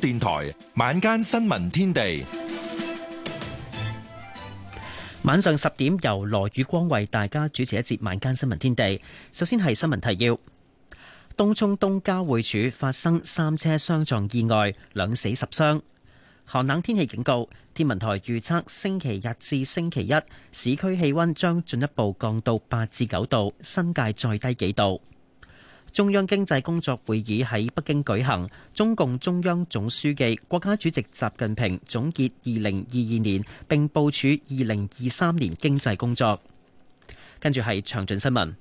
電台晚間新聞天地，晚上十點由羅宇光為大家主持一節晚間新聞天地。首先係新聞提要：東涌東交匯處發生三車相撞意外，兩死十傷。寒冷天氣警告，天文台預測星期日至星期一市區氣温將進一步降到八至九度，新界再低幾度。中央經濟工作會議喺北京舉行，中共中央總書記、國家主席習近平總結二零二二年並部署二零二三年經濟工作。跟住係詳盡新聞。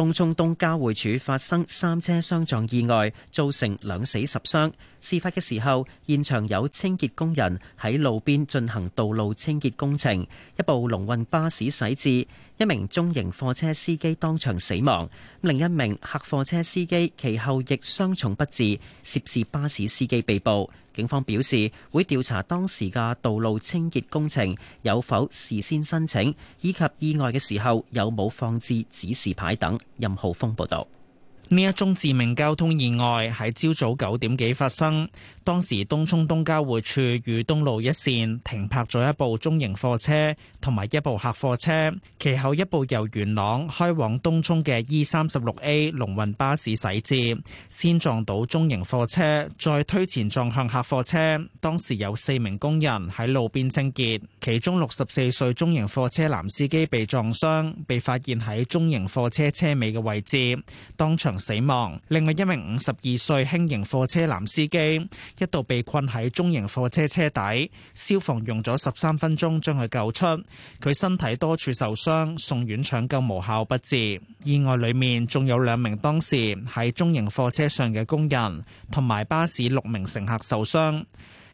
東涌東交匯處發生三車相撞意外，造成兩死十傷。事發嘅時候，現場有清潔工人喺路邊進行道路清潔工程，一部龍運巴士駛至，一名中型貨車司機當場死亡，另一名客貨車司機其後亦傷重不治，涉事巴士司機被捕。警方表示，會調查當時嘅道路清潔工程有否事先申請，以及意外嘅時候有冇放置指示牌等。任浩峰報道。呢一宗致命交通意外喺朝早九點幾發生。當時東涌東交匯處裕東路一線停泊咗一部中型貨車同埋一部客貨車，其後一部由元朗開往東涌嘅 E 三十六 A 龍運巴士駛至，先撞到中型貨車，再推前撞向客貨車。當時有四名工人喺路邊清潔，其中六十四歲中型貨車男司機被撞傷，被發現喺中型貨車車尾嘅位置，當場死亡。另外一名五十二歲輕型貨車男司機，一度被困喺中型貨車車底，消防用咗十三分鐘將佢救出，佢身體多處受傷，送院搶救無效不治。意外裏面仲有兩名當時喺中型貨車上嘅工人，同埋巴士六名乘客受傷。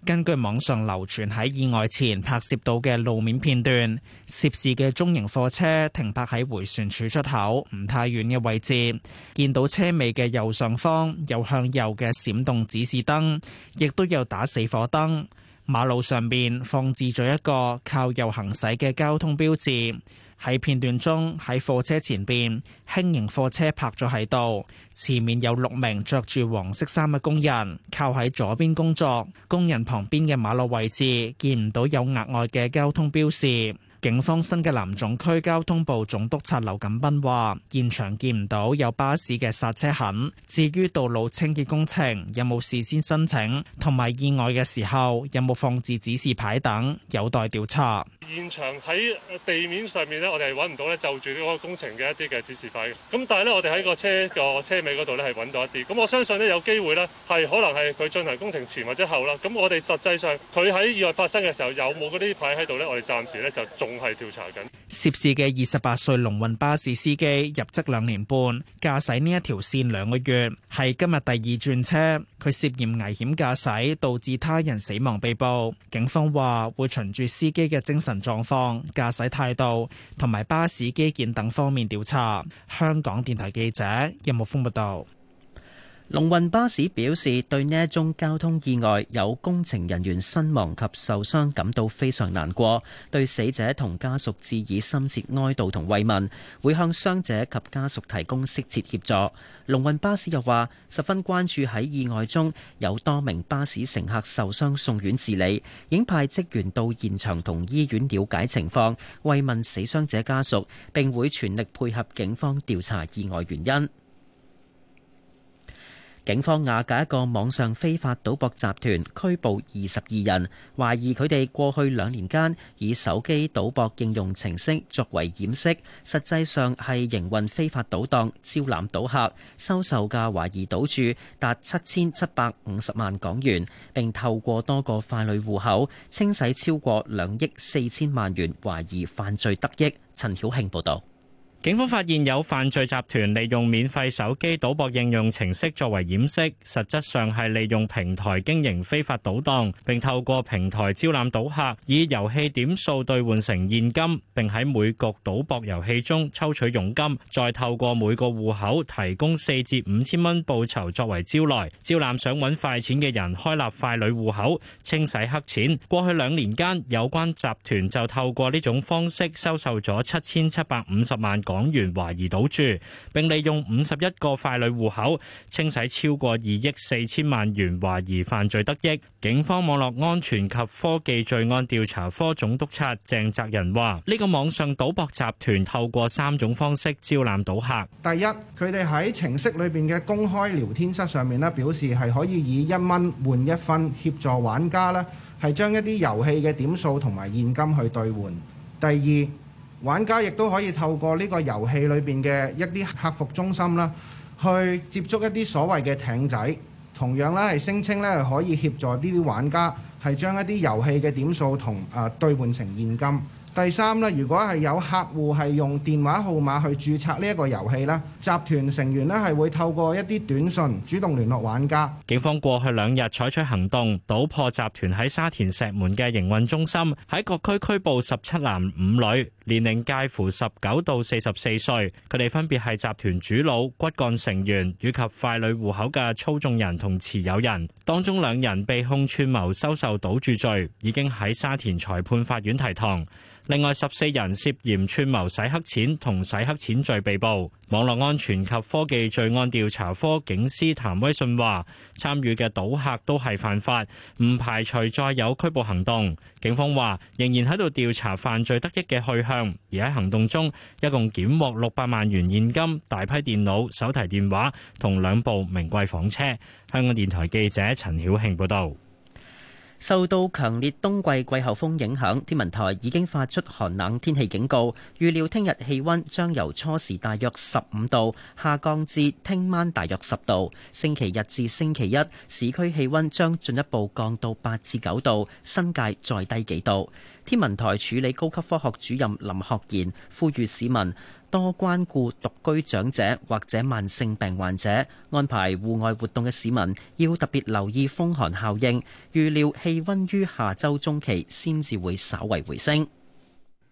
根據網上流傳喺意外前拍攝到嘅路面片段，涉事嘅中型貨車停泊喺回旋處出口唔太遠嘅位置，見到車尾嘅右上方有向右嘅閃動指示燈，亦都有打死火燈。馬路上面放置咗一個靠右行駛嘅交通標誌。喺片段中，喺貨車前邊，輕型貨車泊咗喺度，前面有六名着住黃色衫嘅工人靠喺左邊工作。工人旁邊嘅馬路位置見唔到有額外嘅交通標示。警方新界南總區交通部總督察劉錦斌話：現場見唔到有巴士嘅剎車痕。至於道路清潔工程有冇事先申請，同埋意外嘅時候有冇放置指示牌等，有待調查。現場喺地面上面咧，我哋係搵唔到咧，就住呢個工程嘅一啲嘅指示牌嘅。咁但係咧，我哋喺個車個車尾嗰度咧係搵到一啲。咁我相信咧，有機會咧係可能係佢進行工程前或者後啦。咁我哋實際上佢喺意外發生嘅時候有冇嗰啲牌喺度咧？我哋暫時咧就仲。仲係調查緊。涉事嘅二十八歲龍運巴士司機入職兩年半，駕駛呢一條線兩個月，係今日第二轉車，佢涉嫌危險駕駛導致他人死亡被捕。警方話會循住司機嘅精神狀況、駕駛態度同埋巴士基建等方面調查。香港電台記者任木豐報道。有龍運巴士表示，對呢宗交通意外有工程人員身亡及受傷感到非常難過，對死者同家屬致以深切哀悼同慰問，會向傷者及家屬提供適切協助。龍運巴士又話，十分關注喺意外中有多名巴士乘客受傷送院治理，已派職員到現場同醫院了解情況，慰問死傷者家屬，並會全力配合警方調查意外原因。警方瓦解一個網上非法賭博集團，拘捕二十二人，懷疑佢哋過去兩年間以手機賭博應用程式作為掩飾，實際上係營運非法賭檔招攬賭客，收受嘅懷疑賭注達七千七百五十萬港元，並透過多個傀儡戶口清洗超過兩億四千萬元懷疑犯罪得益。陳曉慶報道。警方發現有犯罪集團利用免費手機賭博應用程式作為掩飾，實質上係利用平台經營非法賭檔，並透過平台招攬賭客，以遊戲點數兌換成現金，並喺每局賭博遊戲中抽取佣金，再透過每個戶口提供四至五千蚊報酬作為招徠，招攬想揾快錢嘅人開立傀儡戶口清洗黑錢。過去兩年間，有關集團就透過呢種方式收受咗七千七百五十萬港元。港元懷疑賭注，並利用五十一個傀儡戶口清洗超過二億四千萬元懷疑犯罪得益。警方網絡安全及科技罪案調查科總督察鄭澤仁話：呢、這個網上賭博集團透過三種方式招攬賭客。第一，佢哋喺程式裏邊嘅公開聊天室上面咧，表示係可以以一蚊換一分，協助玩家呢係將一啲遊戲嘅點數同埋現金去兌換。第二。玩家亦都可以透過呢個遊戲裏邊嘅一啲客服中心啦，去接觸一啲所謂嘅艇仔，同樣咧係聲稱咧可以協助呢啲玩家係將一啲遊戲嘅點數同啊兌換成現金。第三呢，如果係有客戶係用電話號碼去註冊呢一個遊戲啦，集團成員呢係會透過一啲短訊主動聯絡玩家。警方過去兩日採取行動，搗破集團喺沙田石門嘅營運中心，喺各區拘捕十七男五女。年齡介乎十九到四十四歲，佢哋分別係集團主腦、骨幹成員以及傀儡戶口嘅操縱人同持有人。當中兩人被控串謀收受賭注罪，已經喺沙田裁判法院提堂。另外十四人涉嫌串謀洗黑錢同洗黑錢罪被捕。網絡安全及科技罪案調查科警司譚威信話，參與嘅賭客都係犯法，唔排除再有拘捕行動。警方話仍然喺度調查犯罪得益嘅去向。而喺行動中，一共檢獲六百萬元現金、大批電腦、手提電話同兩部名貴房車。香港電台記者陳曉慶報道。受到強烈冬季季候風影響，天文台已經發出寒冷天氣警告，預料聽日氣温將由初時大約十五度下降至聽晚大約十度。星期日至星期一，市區氣温將進一步降到八至九度，新界再低幾度。天文台署理高級科學主任林學賢呼籲市民多關顧獨居長者或者慢性病患者，安排戶外活動嘅市民要特別留意風寒效應。預料氣温於下週中期先至會稍為回升。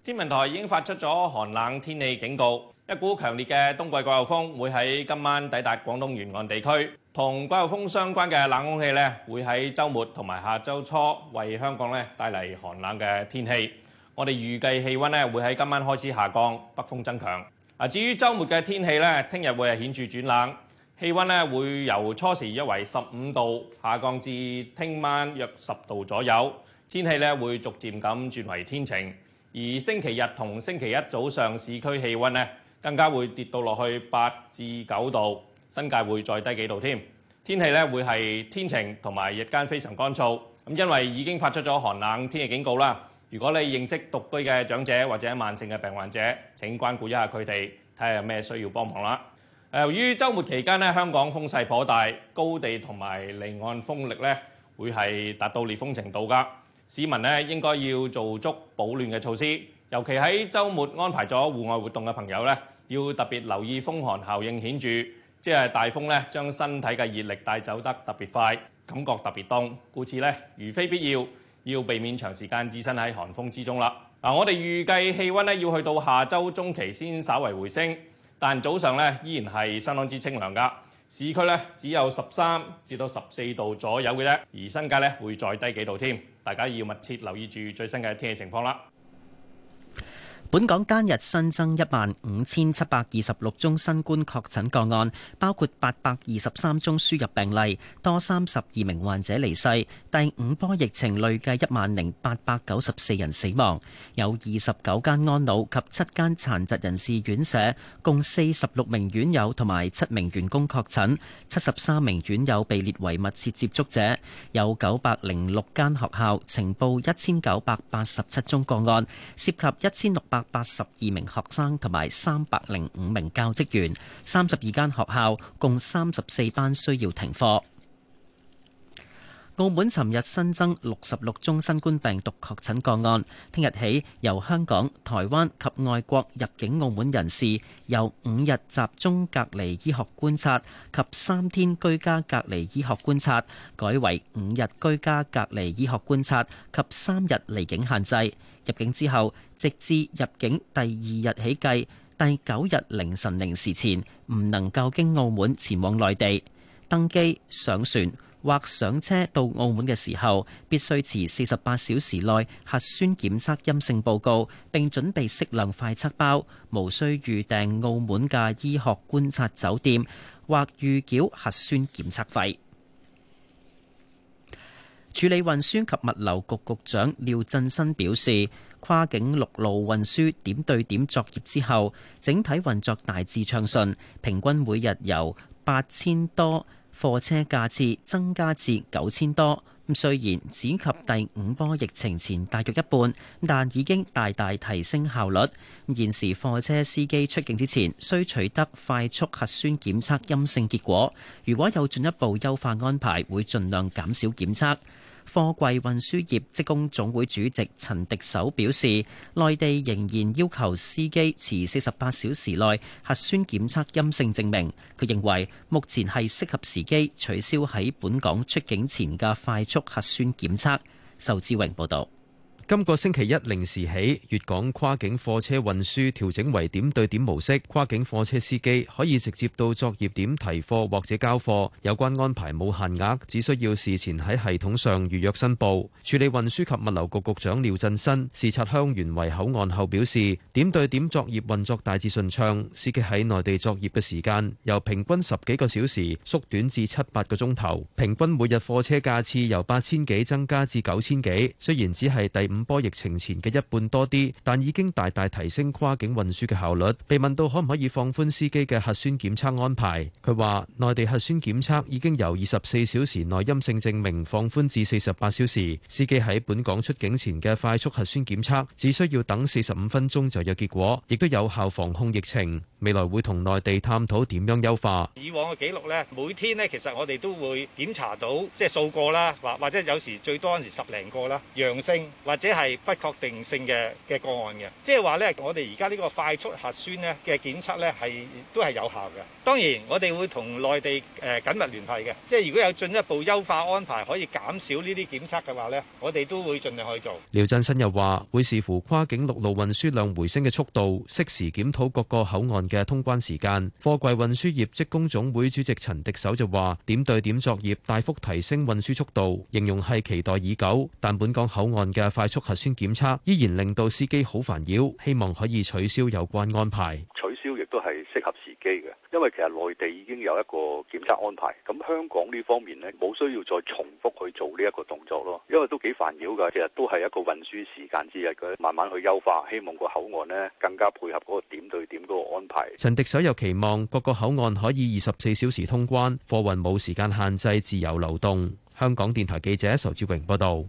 天文台已經發出咗寒冷天氣警告。一股強烈嘅冬季季候風會喺今晚抵達廣東沿岸地區，同季候風相關嘅冷空氣咧，會喺週末同埋下周初為香港咧帶嚟寒冷嘅天氣。我哋預計氣温咧會喺今晚開始下降，北風增強。啊，至於週末嘅天氣咧，聽日會係顯著轉冷，氣温咧會由初時約為十五度下降至聽晚約十度左右。天氣咧會逐漸咁轉為天晴，而星期日同星期一早上市區氣温咧。更加會跌到落去八至九度，新界會再低幾度添。天氣咧會係天晴同埋日間非常乾燥。因為已經發出咗寒冷天氣警告啦。如果你認識獨居嘅長者或者慢性嘅病患者，請關顧一下佢哋，睇下有咩需要幫忙啦。由於週末期間咧，香港風勢頗大，高地同埋離岸風力咧會係達到烈風程度㗎。市民咧應該要做足保暖嘅措施，尤其喺週末安排咗戶外活動嘅朋友咧。要特別留意風寒效應顯著，即係大風咧，將身體嘅熱力帶走得特別快，感覺特別凍，故此咧，如非必要，要避免長時間置身喺寒風之中啦。嗱，我哋預計氣温咧要去到下周中期先稍為回升，但早上咧依然係相當之清涼噶。市區咧只有十三至十四度左右嘅，而新界咧會再低幾度添。大家要密切留意住最新嘅天氣情況啦。本港今日新增一萬五千七百二十六宗新冠確診個案，包括八百二十三宗輸入病例，多三十二名患者離世。第五波疫情累計一萬零八百九十四人死亡，有二十九間安老及七間殘疾人士院舍，共四十六名院友同埋七名員工確診，七十三名院友被列為密切接觸者。有九百零六間學校呈報一千九百八十七宗個案，涉及一千六百。八十二名學生同埋三百零五名教職員，三十二間學校共三十四班需要停課。澳門尋日新增六十六宗新冠病毒確診個案，聽日起由香港、台灣及外國入境澳門人士由五日集中隔離醫學觀察及三天居家隔離醫學觀察，改為五日居家隔離醫學觀察及三日離境限制。入境之後，直至入境第二日起計，第九日凌晨零時前，唔能夠經澳門前往內地。登機、上船或上車到澳門嘅時候，必須持四十八小時內核酸檢測陰性報告，並準備適量快測包，無需預訂澳門嘅醫學觀察酒店，或預繳核酸檢測費。處理運輸及物流局局長廖振新表示，跨境陸路運輸點對點作業之後，整體運作大致暢順，平均每日由八千多貨車架次增加至九千多。咁雖然只及第五波疫情前大約一半，但已經大大提升效率。現時貨車司機出境之前需取得快速核酸檢測陰性結果，如果有進一步優化安排，會盡量減少檢測。貨櫃運輸業職工總會主席陳迪手表示，內地仍然要求司機持四十八小時內核酸檢測陰性證明。佢認為目前係適合時機取消喺本港出境前嘅快速核酸檢測。仇志榮報導。今個星期一零時起，粵港跨境貨車運輸調整為點對點模式，跨境貨車司機可以直接到作業點提貨或者交貨。有關安排冇限額，只需要事前喺系統上預約申報。處理運輸及物流局局長廖振新視察香園圍口岸後表示，點對點作業運作大致順暢，司機喺內地作業嘅時間由平均十幾個小時縮短至七八個鐘頭，平均每日貨車架次由八千幾增加至九千幾。雖然只係第五波疫情前嘅一半多啲，但已經大大提升跨境運輸嘅效率。被問到可唔可以放寬司機嘅核酸檢測安排，佢話內地核酸檢測已經由二十四小時內陰性證明放寬至四十八小時。司機喺本港出境前嘅快速核酸檢測，只需要等四十五分鐘就有結果，亦都有效防控疫情。未來會同內地探討點樣優化。以往嘅記錄咧，每天咧其實我哋都會檢查到，即係數個啦，或或者有時最多嗰陣時十零個啦，陽性或者。即係不確定性嘅個案嘅，即係話咧，我哋而家呢個快速核酸咧嘅檢測咧係都係有效嘅。當然，我哋會同內地誒緊密聯繫嘅，即係如果有進一步優化安排，可以減少呢啲檢測嘅話咧，我哋都會盡量去做。廖振新又話，會視乎跨境陸路運輸量回升嘅速度，適時檢討各個口岸嘅通關時間。貨櫃運輸業職工總會主席陳迪手就話，點對點作業大幅提升運輸速度，形容係期待已久，但本港口岸嘅快速促核酸檢測依然令到司機好煩擾，希望可以取消有關安排。取消亦都係適合時機嘅，因為其實內地已經有一個檢測安排，咁香港呢方面咧冇需要再重複去做呢一個動作咯，因為都幾煩擾噶，其實都係一個運輸時間之一嘅，慢慢去優化，希望個口岸咧更加配合嗰個點對點嗰個安排。陳迪手又期望各個口岸可以二十四小時通關，貨運冇時間限制，自由流動。香港電台記者仇志榮報道。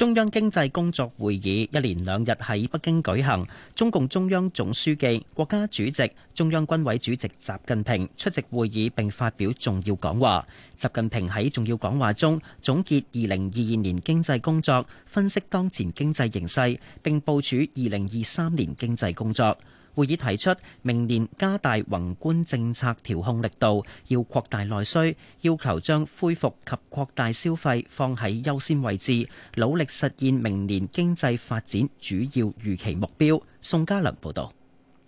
中央經濟工作會議一連兩日喺北京舉行，中共中央總書記、國家主席、中央軍委主席習近平出席會議並發表重要講話。習近平喺重要講話中總結二零二二年經濟工作，分析當前經濟形勢，並部署二零二三年經濟工作。會議提出明年加大宏觀政策調控力度，要擴大內需，要求將恢復及擴大消費放喺優先位置，努力實現明年經濟發展主要預期目標。宋家良報導。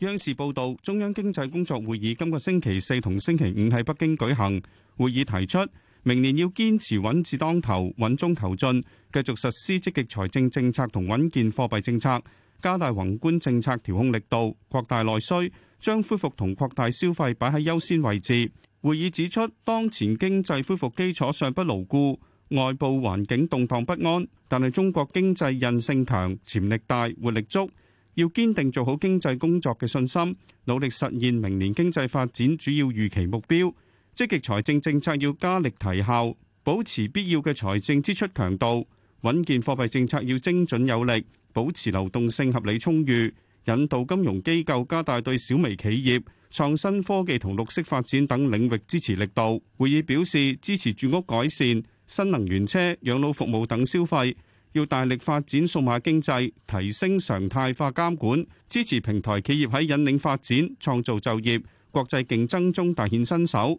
央視報導，中央經濟工作會議今個星期四同星期五喺北京舉行。會議提出明年要堅持穩字當頭、穩中求進，繼續實施積極財政政策同穩健貨幣政策。加大宏觀政策調控力度，擴大內需，將恢復同擴大消費擺喺優先位置。會議指出，當前經濟恢復基礎尚不牢固，外部環境動蕩不安，但係中國經濟韌性強、潛力大、活力足，要堅定做好經濟工作嘅信心，努力實現明年經濟發展主要預期目標。積極財政政策要加力提效，保持必要嘅財政支出強度，穩健貨幣政策要精準有力。保持流動性合理充裕，引導金融機構加大對小微企業、創新科技同綠色發展等領域支持力度。會議表示支持住屋改善、新能源車、養老服務等消費，要大力發展數碼經濟，提升常態化監管，支持平台企業喺引領發展、創造就業、國際競爭中大顯身手。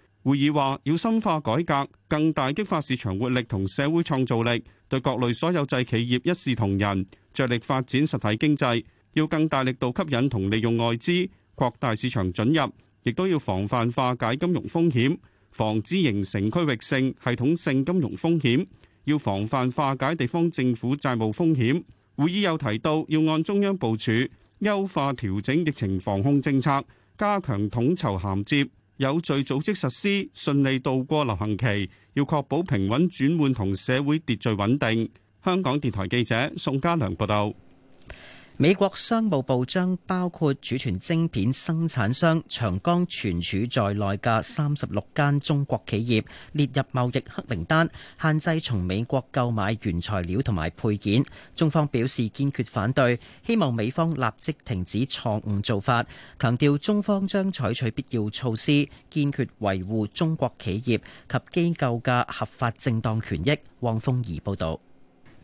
會議話要深化改革，更大激發市場活力同社會創造力，對各類所有制企業一視同仁，着力發展實體經濟，要更大力度吸引同利用外資，擴大市場準入，亦都要防範化解金融風險，防止形成區域性、系統性金融風險，要防範化解地方政府債務風險。會議又提到要按中央部署，優化調整疫情防控政策，加強統籌銜接。有序組織實施，順利渡過流行期，要確保平穩轉換同社會秩序穩定。香港電台記者宋嘉良報道。美國商務部將包括儲存晶片生產商長江存儲在內嘅三十六間中國企業列入貿易黑名單，限制從美國購買原材料同埋配件。中方表示堅決反對，希望美方立即停止錯誤做法，強調中方將採取必要措施，堅決維護中國企業及機構嘅合法正當權益。汪峰儀報道。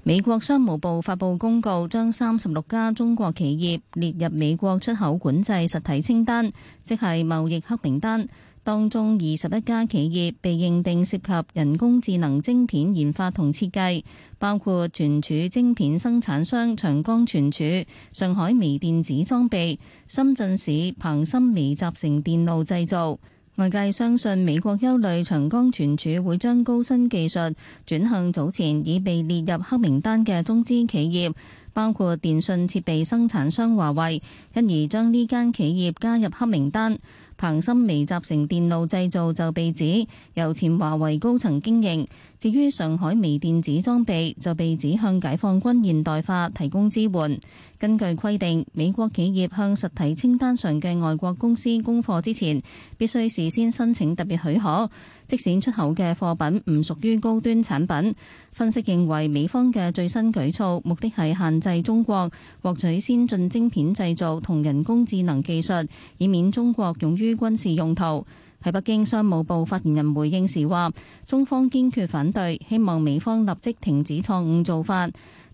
美國商務部發布公告，將三十六家中國企業列入美國出口管制實體清單，即係貿易黑名單。當中二十一家企業被認定涉及人工智能晶片研發同設計，包括存儲晶片生產商長江存儲、上海微電子裝備、深圳市鵬芯微集成電路製造。外界相信美國憂慮長江存儲會將高新技術轉向早前已被列入黑名單嘅中資企業，包括電信設備生產商華為，因而將呢間企業加入黑名單，鵬芯微集成電路製造就被指由前華為高層經營，至於上海微電子裝備就被指向解放軍現代化提供支援。根據規定，美國企業向實體清單上嘅外國公司供貨之前，必須事先申請特別許可。即使出口嘅貨品唔屬於高端產品，分析認為美方嘅最新舉措目的係限制中國獲取先進晶片製造同人工智能技術，以免中國用於軍事用途。喺北京商務部發言人回應時話：中方堅決反對，希望美方立即停止錯誤做法。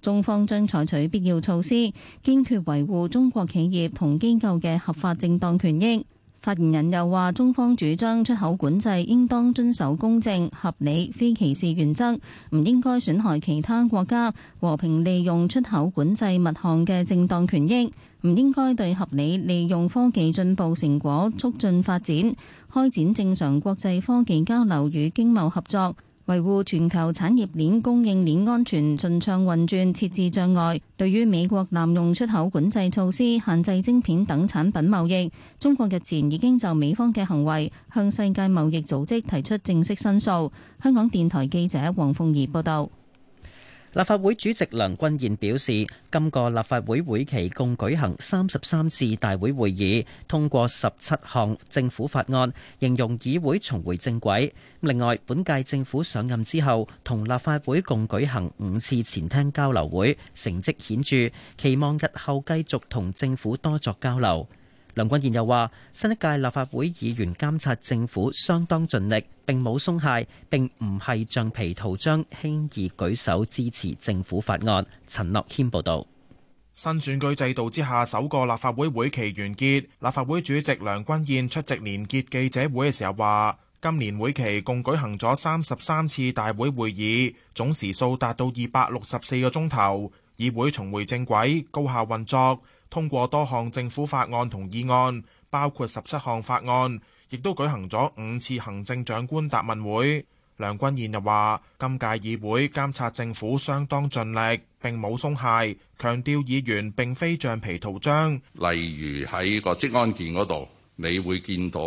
中方將採取必要措施，堅決維護中國企業同機構嘅合法正當權益。發言人又話：中方主張出口管制應當遵守公正、合理、非歧視原則，唔應該損害其他國家和平利用出口管制物項嘅正當權益，唔應該對合理利用科技進步成果、促進發展、開展正常國際科技交流與經貿合作。維護全球產業鏈供應鏈安全順暢運轉，設置障礙。對於美國濫用出口管制措施，限制晶片等產品貿易，中國日前已經就美方嘅行為向世界貿易組織提出正式申訴。香港電台記者黃鳳儀報道。立法會主席梁君彥表示，今個立法會會期共舉行三十三次大會會議，通過十七項政府法案，形容議會重回正軌。另外，本屆政府上任之後，同立法會共舉行五次前廳交流會，成績顯著，期望日後繼續同政府多作交流。梁君彥又話：新一屆立法會議員監察政府相當盡力，並冇鬆懈，並唔係橡皮圖章，輕易舉手支持政府法案。陳諾軒報導。新選舉制度之下，首個立法會會期完結，立法會主席梁君彥出席年結記者會嘅時候話：今年會期共舉行咗三十三次大會會議，總時數達到二百六十四個鐘頭，議會重回正軌，高效運作。通過多項政府法案同議案，包括十七項法案，亦都舉行咗五次行政長官答問會。梁君彥又話：今屆議會監察政府相當盡力，並冇鬆懈，強調議員並非橡皮圖章。例如喺個職安健嗰度，你會見到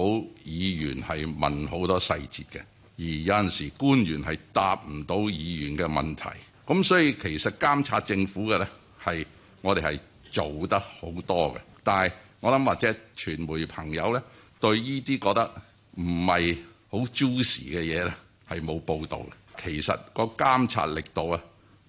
議員係問好多細節嘅，而有陣時官員係答唔到議員嘅問題。咁所以其實監察政府嘅咧，係我哋係。做得好多嘅，但係我諗或者傳媒朋友咧對呢啲覺得唔係好 juicy 嘅嘢咧係冇報道嘅。其實個監察力度啊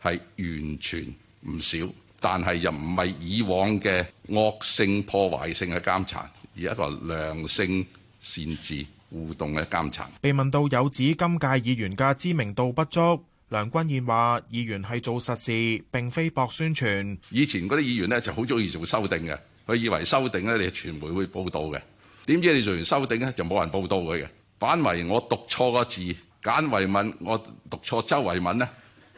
係完全唔少，但係又唔係以往嘅惡性破壞性嘅監察，而一個良性善治互動嘅監察。被問到有指今屆議員嘅知名度不足。梁君彥話：議員係做實事，並非博宣傳。以前嗰啲議員咧就好中意做修訂嘅，佢以為修訂咧，你傳媒會報道嘅。點知你做完修訂咧，就冇人報道佢嘅。反為我讀錯個字，簡慧敏我讀錯周慧敏咧，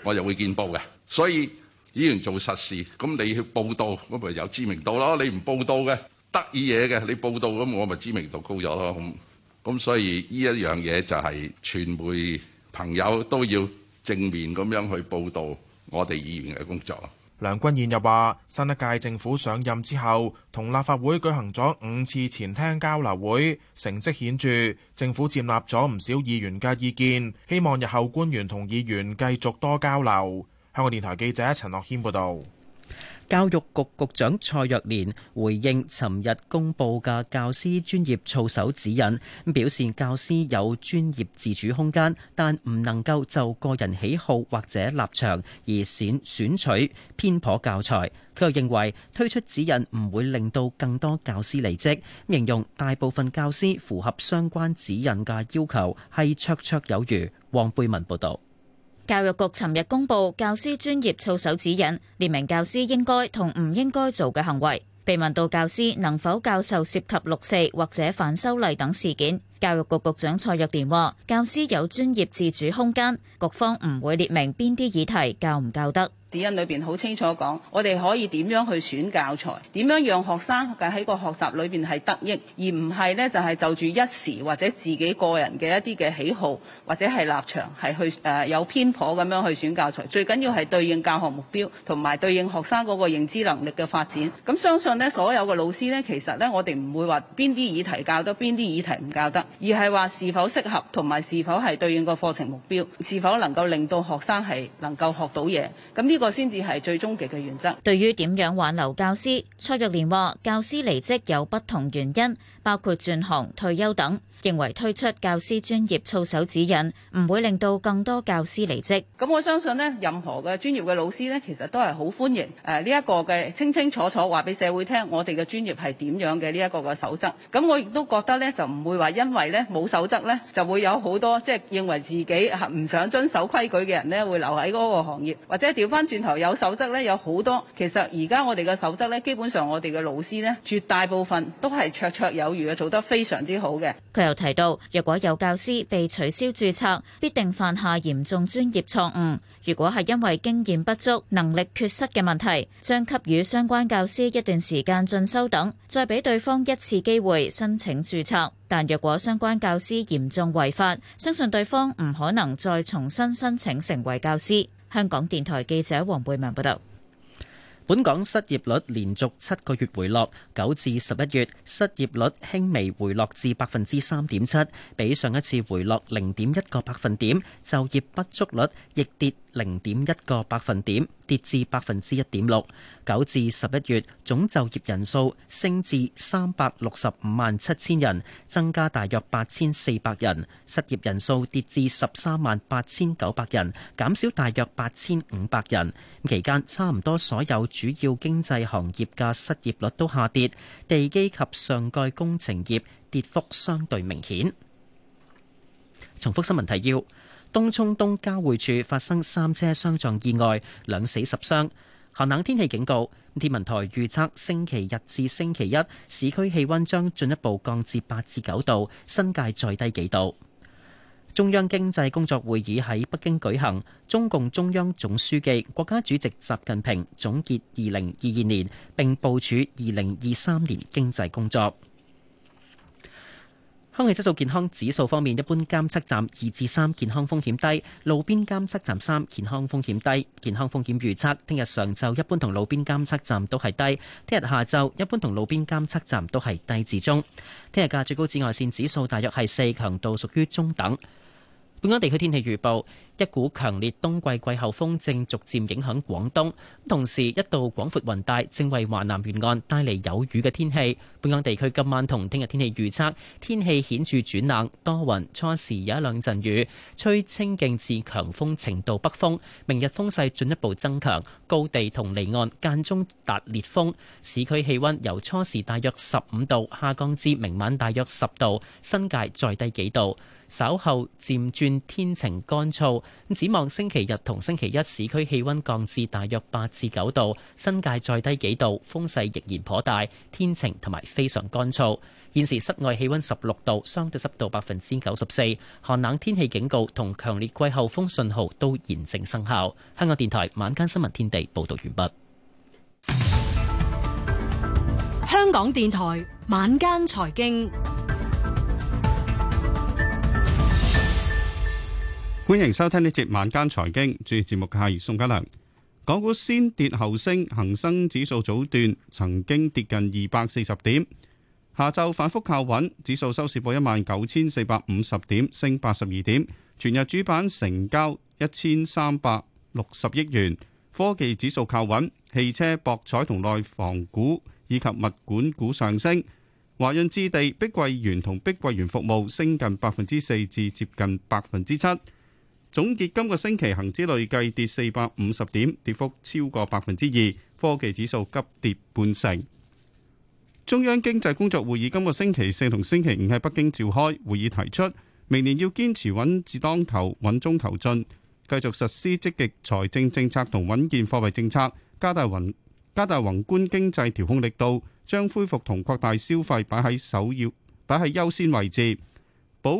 我就會見報嘅。所以議員做實事，咁你去報道，咁咪有知名度咯。你唔報道嘅得意嘢嘅，你報道咁我咪知名度高咗咯。咁咁所以呢一樣嘢就係傳媒朋友都要。正面咁樣去報導我哋議員嘅工作。梁君彥又話：新一屆政府上任之後，同立法會舉行咗五次前廳交流會，成績顯著，政府接納咗唔少議員嘅意見。希望日後官員同議員繼續多交流。香港電台記者陳樂軒報導。教育局局長蔡若蓮回應尋日公布嘅教師專業操守指引，表示教師有專業自主空間，但唔能夠就個人喜好或者立場而選選取偏頗教材。佢又認為推出指引唔會令到更多教師離職，形容大部分教師符合相關指引嘅要求係綽綽有餘。黃貝文報道。教育局尋日公布教師專業操守指引，列明教師應該同唔應該做嘅行為。被問到教師能否教授涉及六四或者反修例等事件。教育局局長蔡若蓮話，教師有專業自主空間，局方唔會列明邊啲議題教唔教得。指引裏邊好清楚講，我哋可以點樣去選教材，點樣讓學生喺個學習裏邊係得益，而唔係咧就係就住一時或者自己個人嘅一啲嘅喜好或者係立場係去誒有偏頗咁樣去選教材。最緊要係對應教學目標，同埋對應學生嗰個認知能力嘅發展。咁相信咧，所有嘅老師咧，其實咧我哋唔會話邊啲議題教得，邊啲議題唔教得。而係話是否適合，同埋是否係對應個課程目標，是否能夠令到學生係能夠學到嘢，咁、這、呢個先至係最終極嘅原則。對於點樣挽留教師，蔡玉蓮話：教師離職有不同原因，包括轉行、退休等。認為推出教師專業操守指引唔會令到更多教師離職。咁我相信呢，任何嘅專業嘅老師呢，其實都係好歡迎誒呢一個嘅清清楚楚話俾社會聽我哋嘅專業係點樣嘅呢一個嘅守則。咁我亦都覺得呢就唔會話因為呢冇守則呢，就會有好多即係、就是、認為自己唔想遵守規矩嘅人呢，會留喺嗰個行業，或者調翻轉頭有守則呢，有好多其實而家我哋嘅守則呢，基本上我哋嘅老師呢，絕大部分都係綽綽有餘嘅做得非常之好嘅。又提到，若果有教師被取消註冊，必定犯下嚴重專業錯誤。如果係因為經驗不足、能力缺失嘅問題，將給予相關教師一段時間進修等，再俾對方一次機會申請註冊。但若果相關教師嚴重違法，相信對方唔可能再重新申請成為教師。香港電台記者黃貝文報道。本港失業率連續七個月回落，九至十一月失業率輕微回落至百分之三點七，比上一次回落零點一個百分點，就業不足率亦跌零點一個百分點，跌至百分之一點六。九至十一月總就業人數升至三百六十五萬七千人，增加大約八千四百人；失業人數跌至十三萬八千九百人，減少大約八千五百人。期間差唔多所有主要經濟行業嘅失業率都下跌，地基及上蓋工程業跌幅相對明顯。重複新聞提要。東涌東交匯處發生三車相撞意外，兩死十傷。寒冷天氣警告，天文台預測星期日至星期一市區氣溫將進一步降至八至九度，新界再低幾度。中央經濟工作會議喺北京舉行，中共中央總書記、國家主席習近平總結二零二二年，並部署二零二三年經濟工作。空氣質素健康指數方面，一般監測站二至三，健康風險低；路邊監測站三，健康風險低。健康風險預測，聽日上晝一般同路邊監測站都係低；聽日下晝一般同路邊監測站都係低至中。聽日嘅最高紫外線指數大約係四，強度屬於中等。本港地區天氣預報，一股強烈冬季季候風正逐漸影響廣東，同時一道廣闊雲帶正為華南沿岸帶嚟有雨嘅天氣，本港地區今晚同聽日天氣預測，天氣顯著轉冷，多雲，初時有一兩陣雨，吹清勁至強風程度北風，明日風勢進一步增強，高地同離岸間中達烈風，市區氣溫由初時大約十五度下降至明晚大約十度，新界再低幾度。稍後漸轉天晴乾燥，展望星期日同星期一，市區氣温降至大約八至九度，新界再低幾度，風勢仍然頗大，天晴同埋非常乾燥。現時室外氣温十六度，相對濕度百分之九十四，寒冷天氣警告同強烈季候風信號都現正生效。香港電台晚間新聞天地報道完畢。香港電台晚間財經。歡迎收聽呢節晚間財經，主持節目嘅係宋家良。港股先跌後升，恒生指數早段曾經跌近二百四十點，下晝反復靠穩，指數收市報一萬九千四百五十點，升八十二點。全日主板成交一千三百六十億元。科技指數靠穩，汽車、博彩同內房股以及物管股上升。華潤置地、碧桂園同碧桂園服務升近百分之四至接近百分之七。總結今個星期恒指累計跌四百五十點，跌幅超過百分之二。科技指數急跌半成。中央經濟工作會議今個星期四同星期五喺北京召開，會議提出明年要堅持穩字當頭、穩中求進，繼續實施積極財政政策同穩健貨幣政策，加大宏加大宏觀經濟調控力度，將恢復同擴大消費擺喺首要，擺喺優先位置。保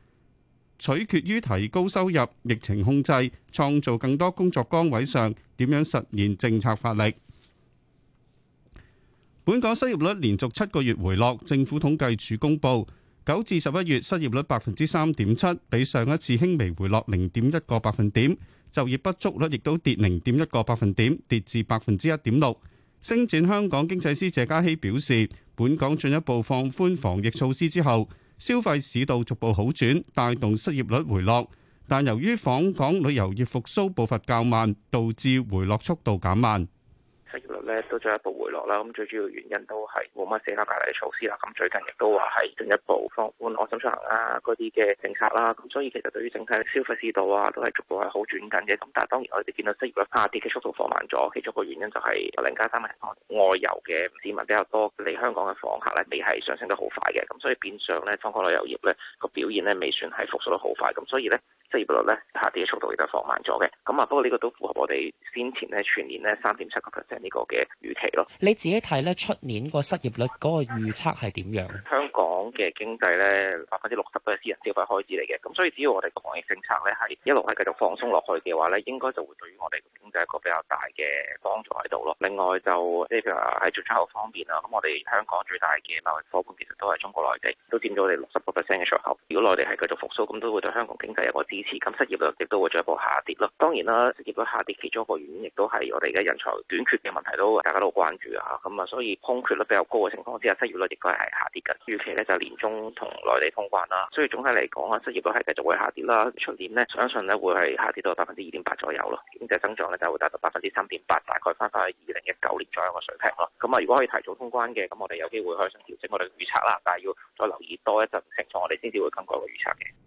取決於提高收入、疫情控制、創造更多工作崗位上，點樣實現政策發力？本港失業率連續七個月回落，政府統計處公布，九至十一月失業率百分之三點七，比上一次輕微回落零點一個百分點，就業不足率亦都跌零點一個百分點，跌至百分之一點六。星展香港經濟師謝家熙表示，本港進一步放寬防疫措施之後，消費市道逐步好轉，帶動失業率回落，但由於訪港旅遊業復甦步伐較慢，導致回落速度減慢。失業率咧，都進一步回落啦，咁最主要原因都係冇乜社交距離嘅措施啦。咁最近亦都話係進一步放寬安心出行啦、啊，嗰啲嘅政策啦。咁所以其實對於整體消費市道啊，都係逐步係好轉緊嘅。咁但係當然我哋見到失業率下跌嘅速度放慢咗，其中一個原因就係零加三零外遊嘅市民比較多嚟，香港嘅訪客咧，未係上升得好快嘅。咁所以變相咧，香港旅遊業咧、個表現咧未算係復蘇得好快。咁所以咧。失業率咧下跌嘅速度亦都放慢咗嘅，咁啊，不過呢個都符合我哋先前咧全年咧三點七個 percent 呢個嘅預期咯。你自己睇咧，出年個失業率嗰個預測係點樣？香港嘅經濟咧，百分之六十都係私人消費開支嚟嘅，咁所以只要我哋個防疫政策咧係一路係繼續放鬆落去嘅話咧，應該就會對於我哋嘅經濟一個比較大嘅幫助喺度咯。另外就即係譬如喺進出口方面啊，咁我哋香港最大嘅貿易夥伴其實都係中國內地，都佔咗我哋六十個 percent 嘅出口。如果內地係繼續復甦，咁都會對香港經濟有一個支。咁失業率亦都會進一步下跌咯。當然啦，失業率下跌其中一個原因亦都係我哋嘅人才短缺嘅問題，都大家都關注啊。咁啊，所以空缺率比較高嘅情況之下，失業率亦都係下跌緊。預期咧就年中同內地通關啦。所以總體嚟講啊，失業率係繼續會下跌啦。出年呢，相信咧會係下跌到百分之二點八左右咯。經濟增長咧就會達到百分之三點八，大概翻返去二零一九年左右嘅水平咯。咁啊，如果可以提早通關嘅，咁我哋有機會可以想調整我哋嘅預測啦。但係要再留意多一陣情況，我哋先至會更改個預測嘅。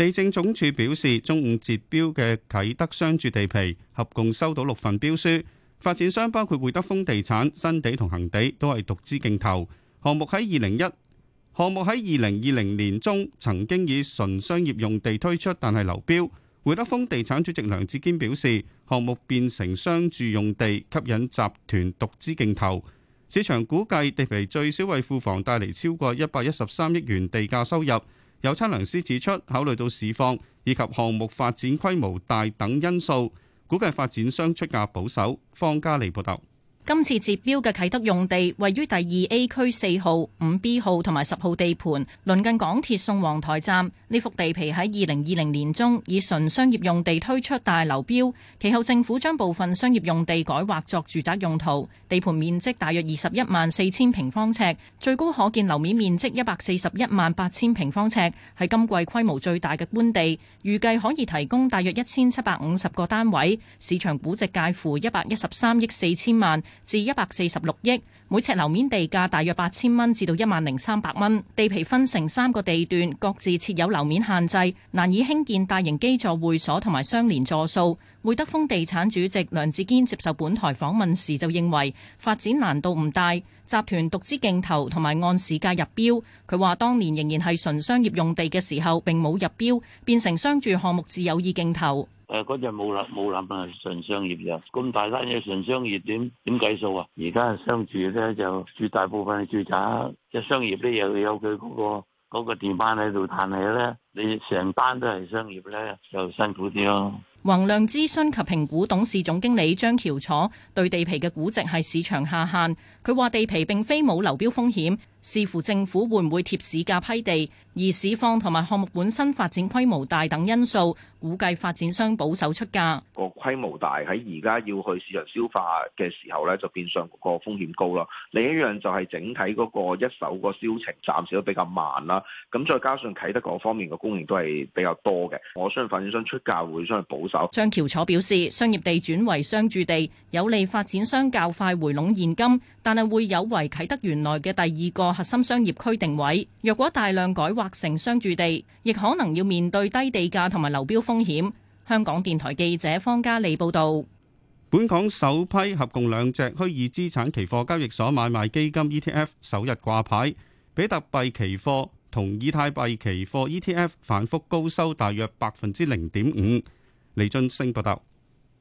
地政總署表示，中午截標嘅啟德商住地皮，合共收到六份標書，發展商包括匯德豐地產、新地同恒地都獨資，都係獨資競投。項目喺二零一項目喺二零二零年中曾經以純商業用地推出，但係流標。匯德豐地產主席梁志堅表示，項目變成商住用地，吸引集團獨資競投。市場估計，地皮最少為庫房帶嚟超過一百一十三億元地價收入。有測量師指出，考慮到市況以及項目發展規模大等因素，估計發展商出價保守。方家利報道，今次接標嘅啟德用地位於第二 A 區四號、五 B 號同埋十號地盤，鄰近港鐵宋皇台站。呢幅地皮喺二零二零年中以純商業用地推出，但流標，其後政府將部分商業用地改劃作住宅用途。地盤面積大約二十一萬四千平方尺，最高可建樓面面積一百四十一萬八千平方尺，係今季規模最大嘅官地，預計可以提供大約一千七百五十個單位，市場估值介乎一百一十三億四千萬至一百四十六億。每尺樓面地價大約八千蚊至到一萬零三百蚊，地皮分成三個地段，各自設有樓面限制，難以興建大型基座會所同埋相連座數。匯德豐地產主席梁志堅接受本台訪問時就認為發展難度唔大，集團獨資競投同埋按市價入標。佢話當年仍然係純商業用地嘅時候，並冇入標，變成商住項目，至有意競投。誒，嗰隻冇諗冇諗，係純商業嘅。咁大單嘢，純商業點點計數啊？而家商住咧就絕大部分係住宅，即係商業咧又有佢嗰個嗰個電班喺度嘆氣咧。你成班都係商業咧，就辛苦啲咯。宏亮諮詢及評估董事總經理張喬楚對地皮嘅估值係市場下限。佢話地皮並非冇流標風險。視乎政府會唔會貼市價批地，而市況同埋項目本身發展規模大等因素，估計發展商保守出價。個規模大喺而家要去市場消化嘅時候呢就變相個風險高咯。另一樣就係整體嗰個一手個銷情暫時都比較慢啦。咁再加上啟德嗰方面嘅供應都係比較多嘅，我相信發展商出價會相對保守。張橋楚表示，商業地轉為商住地有利發展商較快回籠現金，但係會有違啟德原來嘅第二個核心商業區定位，若果大量改劃成商住地，亦可能要面對低地價同埋流標風險。香港電台記者方嘉利報道。本港首批合共兩隻虛擬資產期貨交易所買賣基金 ETF 首日掛牌，比特幣期貨同以太幣期貨 ETF 反覆高收，大約百分之零點五，李津升報道。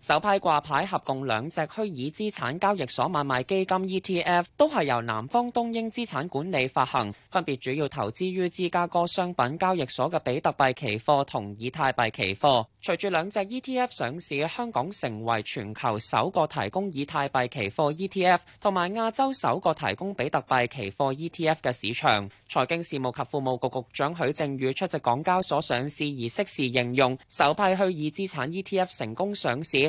首批掛牌合共兩隻虛擬資產交易所買賣基金 ETF，都係由南方東英資產管理發行，分別主要投資於芝加哥商品交易所嘅比特幣期貨同以太幣期貨。隨住兩隻 ETF 上市，香港成為全球首個提供以太幣期貨 ETF 同埋亞洲首個提供比特幣期貨 ETF 嘅市場。財經事務及庫務局局，局長許正宇出席港交所上市儀式時形容，首批虛擬資產 ETF 成功上市。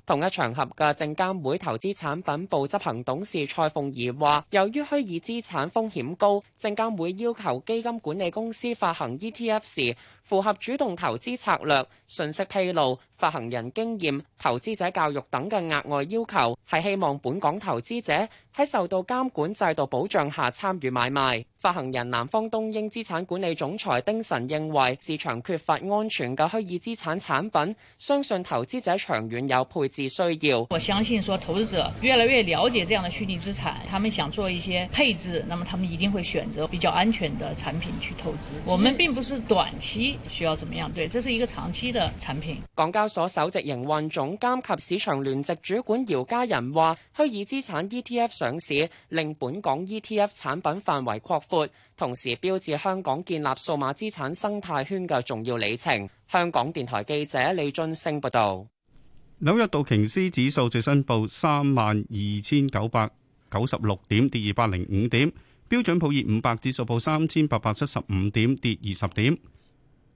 同一場合嘅證監會投資產品部執行董事蔡鳳儀話，由於虛擬資產風險高，證監會要求基金管理公司發行 ETF 時，符合主動投資策略、信息披露、發行人經驗、投資者教育等嘅額外要求，係希望本港投資者喺受到監管制度保障下參與買賣。發行人南方東英資產管理總裁丁晨認為，市場缺乏安全嘅虛擬資產產品，相信投資者長遠有配置需要。我相信說，投資者越來越了解這樣的虛擬資產，他們想做一些配置，那麼他們一定會選擇比較安全的產品去投資。是我們並不是短期需要怎麼樣，對，這是一個長期的產品。廣告。所首席營運總監及市場聯席主管姚家仁話：虛擬資產 ETF 上市，令本港 ETF 產品範圍擴闊，同時標誌香港建立數碼資產生態圈嘅重要里程。香港電台記者李津升報道。紐約道瓊斯指數最新報三萬二千九百九十六點，跌二百零五點。標準普爾五百指數報三千八百七十五點，跌二十點。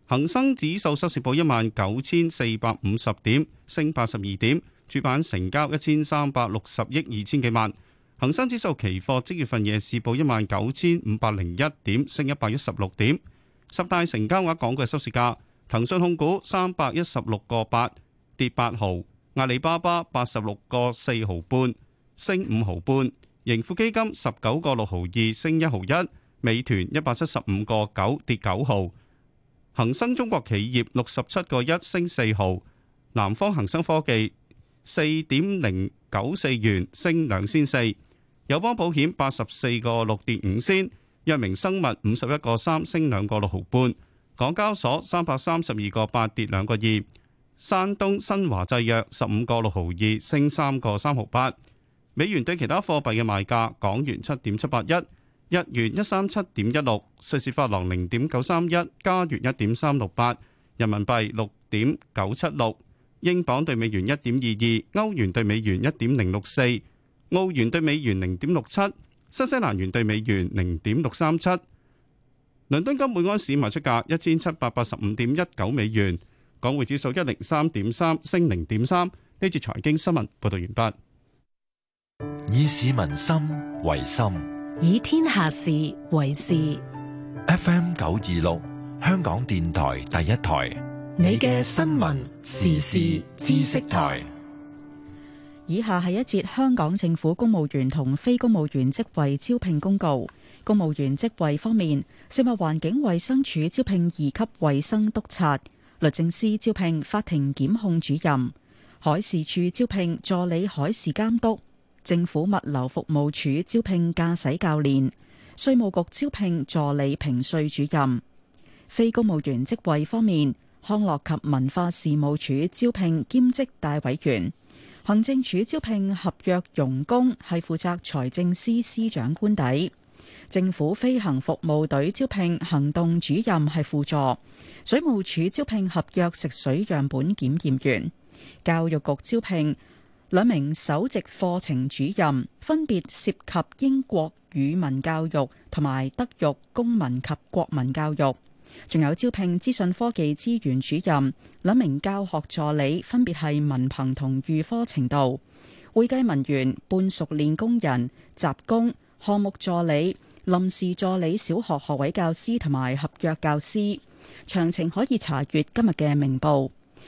恒生指數收市報一萬九千四百五十點，升八十二點。主板成交一千三百六十億二千幾萬。恒生指數期貨即月份夜市報一萬九千五百零一點，升一百一十六點。十大成交額港股嘅收市價：騰訊控股三百一十六個八，跌八毫；阿里巴巴八十六個四毫半，升五毫半；盈富基金十九個六毫二，升一毫一；美團一百七十五個九，跌九毫。1, 恒生中國企業六十七個一升四毫，南方恒生科技四點零九四元升兩仙四，友邦保險八十四個六跌五仙，藥明生物五十一個三升兩個六毫半，港交所三百三十二個八跌兩個二，山東新華製藥十五個六毫二升三個三毫八，美元對其他貨幣嘅賣價，港元七點七八一。日元一三七點一六，瑞士法郎零點九三一，加元一點三六八，人民幣六點九七六，英鎊兌美元一點二二，歐元兌美元一點零六四，澳元兌美元零點六七，新西蘭元兌美元零點六三七。倫敦金每安士賣出價一千七百八十五點一九美元，港匯指數一零三點三，升零點三。呢節財經新聞報道完畢。以市民心為心。以天下事為事。FM 九二六，香港電台第一台，你嘅新聞時事知識台。以下係一節香港政府公務員同非公務員職位招聘公告。公務員職位方面，食物環境衛生署招聘二級衛生督察，律政司招聘法庭檢控主任，海事處招聘助理海事監督。政府物流服務署招聘駕駛教練，稅務局招聘助理評稅主任。非公務員職位方面，康樂及文化事務署招聘兼職大委員，行政署招聘合約傭工係負責財政司司長官邸；政府飛行服務隊招聘行動主任係輔助，水務署招聘合約食水樣本檢驗員，教育局招聘。兩名首席課程主任分別涉及英國語文教育同埋德育、公民及國民教育，仲有招聘資訊科技資源主任。兩名教學助理分別係文憑同預科程度。會計文員、半熟練工人、雜工、項目助理、臨時助理、小學學位教師同埋合約教師。詳情可以查閱今日嘅明報。、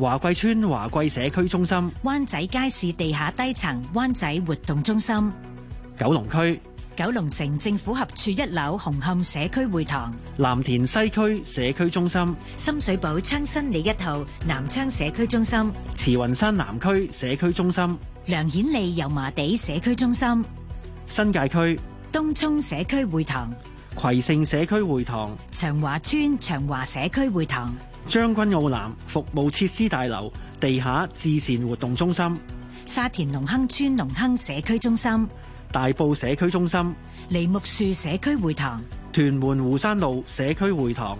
華貴村華貴社區中心、灣仔街市地下低層灣仔活動中心、九龍區、九龍城政府合署一樓紅磡社區會堂、藍田西區社區中心、深水埗昌新里一號南昌社區中心、慈雲山南區社區中心、梁顯利油麻地社區中心、新界區東涌社區會堂、葵盛社區會堂、長華村長華社區會堂。將軍澳南服務設施大樓地下慈善活動中心、沙田隆亨村隆亨社區中心、大埔社區中心、梨木樹社區會堂、屯門湖山路社區會堂、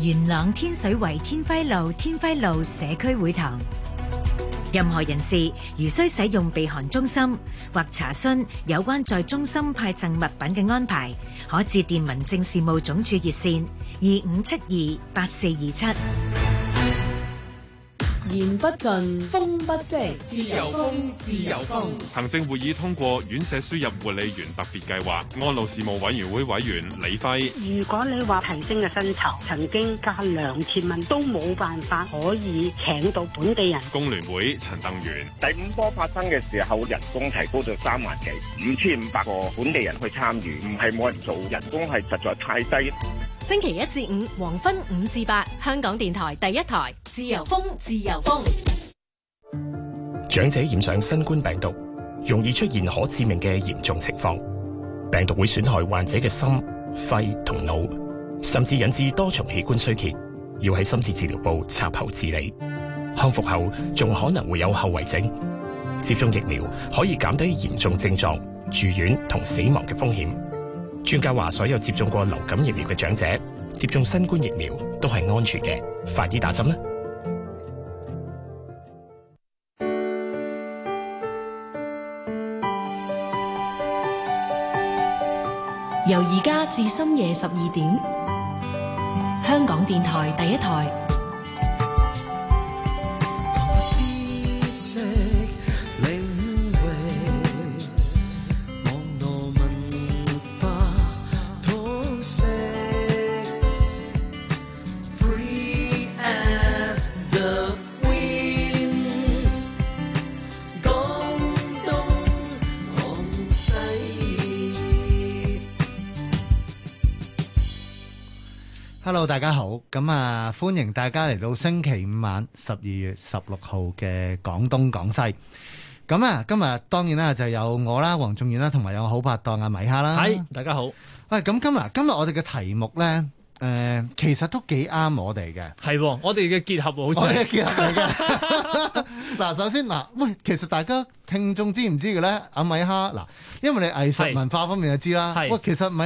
元朗天水圍天輝路天輝路社區會堂。任何人士如需使用避寒中心或查詢有關在中心派贈物品嘅安排，可致電民政事務總署熱線二五七二八四二七。言不盡，風不息，自由風，自由風。行政會議通過院舍輸入護理員特別計劃。安老事務委員會委員李輝：如果你話提升嘅薪酬，曾經加兩千蚊都冇辦法可以請到本地人。工聯會陳鄧源：第五波發生嘅時候，人工提高到三萬幾，五千五百個本地人去參與，唔係冇人做，人工係實在太低。星期一至五黃昏五至八，香港電台第一台，自由風，自由風。長者染上新冠病毒，容易出現可致命嘅嚴重情況。病毒會損害患者嘅心、肺同腦，甚至引致多重器官衰竭，要喺深切治療部插喉治理。康復後仲可能會有後遺症。接種疫苗可以減低嚴重症狀、住院同死亡嘅風險。專家話，所有接種過流感疫苗嘅長者，接種新冠疫苗都係安全嘅，快啲打針啦！由而家至深夜十二點，香港電台第一台。大家好，咁啊歡迎大家嚟到星期五晚十二月十六號嘅廣東廣西。咁啊，今日當然啦，就有我啦，黃仲元啦，同埋有我好拍檔阿米哈啦。係，大家好。喂，咁今日今日我哋嘅題目咧，誒、呃，其實都幾啱我哋嘅。係，我哋嘅結合好正。我嘅結合嚟嘅。嗱， 首先嗱，喂，其實大家聽眾知唔知嘅咧？阿米哈，嗱，因為你藝術文化方面就知啦。係，喂，其實。